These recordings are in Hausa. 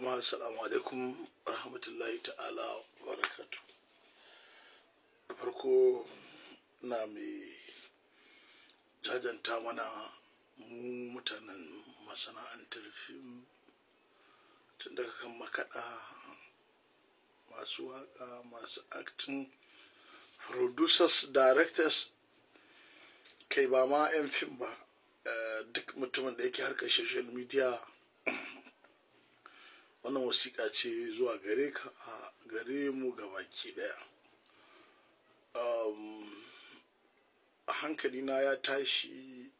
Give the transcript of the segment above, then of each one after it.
jama'a assalamu alaikum rahmatullahi ta'ala barakatu da farko na mai jajanta mana mu mutanen masana'antar fim tun daga kan makaɗa masu waƙa masu acting producers directors kai ba ma 'yan fim ba eh, duk mutumin da yake harkar social media wannan wasiƙa ce zuwa gare ka a gare mu baki ɗaya a hankali na ya tashi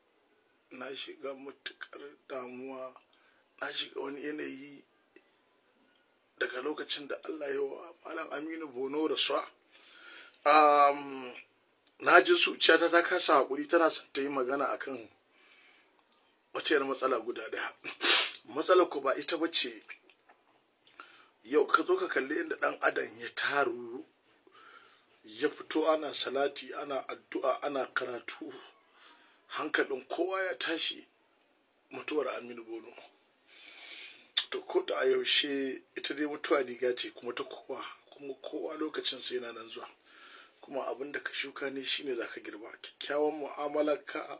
na shiga matuƙar damuwa na shiga wani yanayi daga lokacin da allah ya wa malam aminu bono da swa na ji zuciyata ta kasa haƙuri tana son ta yi magana akan wata matsala guda ɗaya matsalar ku ba ita ba ce yau ka zo ka kalli inda ɗan adam ya taru ya fito ana salati ana addu'a ana karatu hankalin kowa ya tashi mutuwar aminu bono to ko da a yaushe ita dai mutuwa riga ce kuma ta kowa kuma kowa lokacin sai yana nan zuwa kuma abin da ka shuka ne shine za ka girba kyakkyawan mu'amalar ka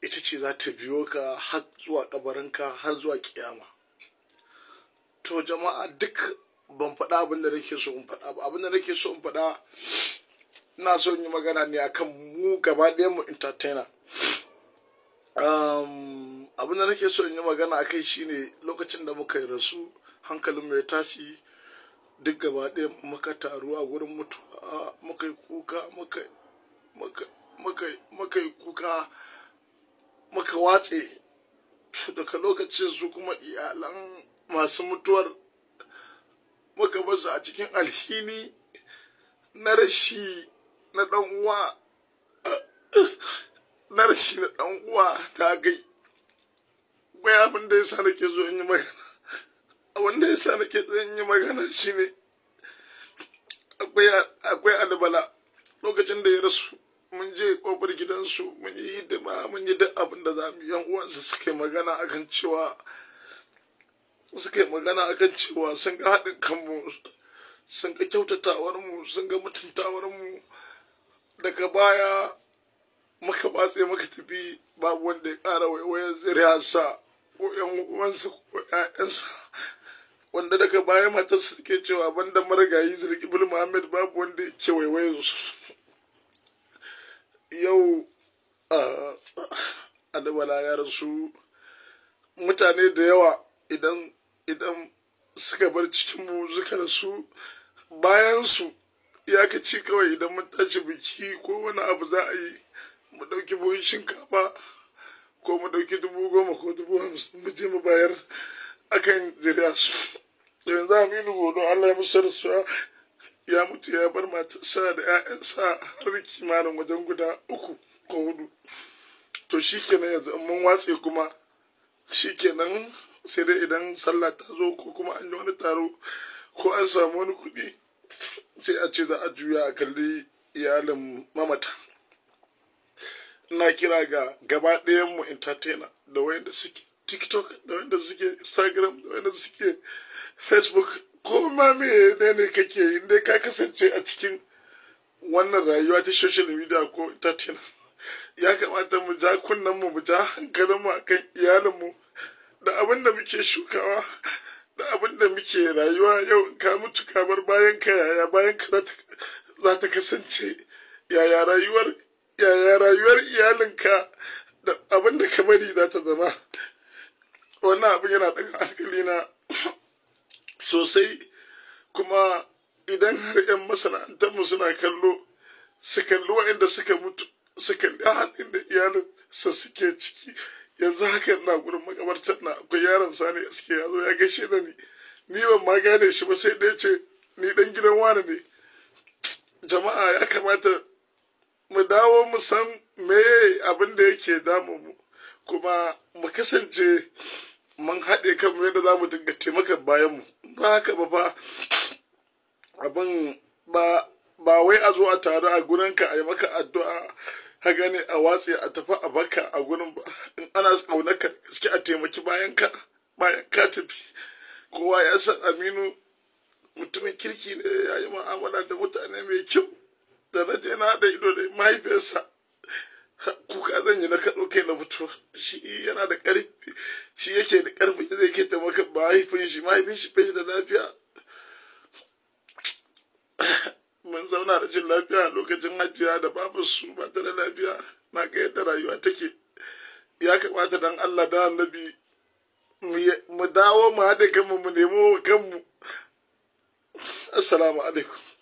ita ce za ta biyo ka har zuwa kabarinka har zuwa kiyama to jama'a duk ban faɗa abin da nake so in faɗa ba abin da nake so in faɗa ina so in yi magana ne akan mu gaba ɗaya mu entertainer um, abin da nake so in yi magana akai shine lokacin da muka yi rasu hankalin mai tashi duk gaba ɗaya muka taru a gurin mutuwa muka yi kuka muka yi kuka muka watse daga lokacin su kuma iyalan masu mutuwar muka basu a cikin alhini na rashi na ɗan uwa na rashi na ɗan uwa ta gai bai abin da yasa nake zo in yi magana abin da yasa nake zo in yi magana shine akwai akwai albala lokacin da ya rasu mun je kofar gidansu mun yi hidima mun yi duk abin da za mu yan uwansa suke magana akan cewa suka yi magana akan cewa sun ga haɗin kanmu sun ga kyautatawar mu sun ga mutuntawar mu daga baya muka batse muka tafi babu wanda ya ƙara waiwayar zuriyarsa ko ƴan uwansa ko ƴaƴansa wanda daga baya su ke cewa banda marigayi zirgi bil muhammad babu wanda ya waiwayar su yau a ya rasu mutane da yawa idan idan suka bar cikin cikinmu suka rasu ka ci kawai idan mun tashi biki ko wani abu za a yi mu dauki buhun shinkafa ko mu dauki dubu goma ko dubu hamsin mu je mu bayar akan jira su yanzu aminu godo allah ya musu su ya mutu ya bar matarsa da 'ya'yan sa har kimanin wajen guda uku ko hudu to shikenan yanzu mun watse kuma shi shikenan sai dai idan sallah ta zo ko kuma an yi wani taro ko an samu wani kuɗi sai a ce za a juya a kalli iyalin mamata na kira ga gaba mu entertainer da wayanda suke tiktok da wayanda suke instagram da wayanda suke facebook ko ma me ne kake yi dai ka kasance a cikin wannan rayuwa ta social media ko entertainer ya kamata mu ja kunnen mu mu ja hankalin mu akan iyalin mu da abin da muke shukawa da abin muke rayuwa yau in ka mutu ka bar bayan ka yaya bayan ka za ta kasance yaya rayuwar yaya rayuwar iyalinka da abin ka bari za ta zama wannan abin yana daga hankali na sosai kuma idan har 'yan masana'antarmu suna kallo su kalli wa'inda suka mutu su kalli halin da iyalinsa suke ciki yanzu haka ina gurin makabartar na akwai yaron sani aske. suke yazo ya gaishe da ni ni ban ma gane shi ba sai dai ce ni dan gidan wani ne jama'a ya kamata mu dawo mu san me abin da yake damu mu kuma mu kasance mun haɗe kanmu yadda za mu dinga taimakon mu ba haka ba fa abin ba wai a zo a taru a gurinka a yi maka addu'a ka gane a watsi a tafi a baka a gurin ba in ana kaunaka gaske a taimaki bayan ka bayan ka tafi kowa ya san aminu mutumin kirki ne ya yi mu'amala da mutane mai kyau da na je na haɗa ido da mahaifiyarsa kuka zan yi na kaɗo kai na fito shi yana da ƙarfi shi yake da ƙarfin da ke taimaka mahaifin shi mahaifin shi fashi da lafiya mun zauna da jin lafiya lokacin hajiya da babu su ba ta da lafiya na ga yadda rayuwa take ya kamata dan Allah da annabi mu dawo mu haɗa kanmu mu nemo kanmu assalamu alaikum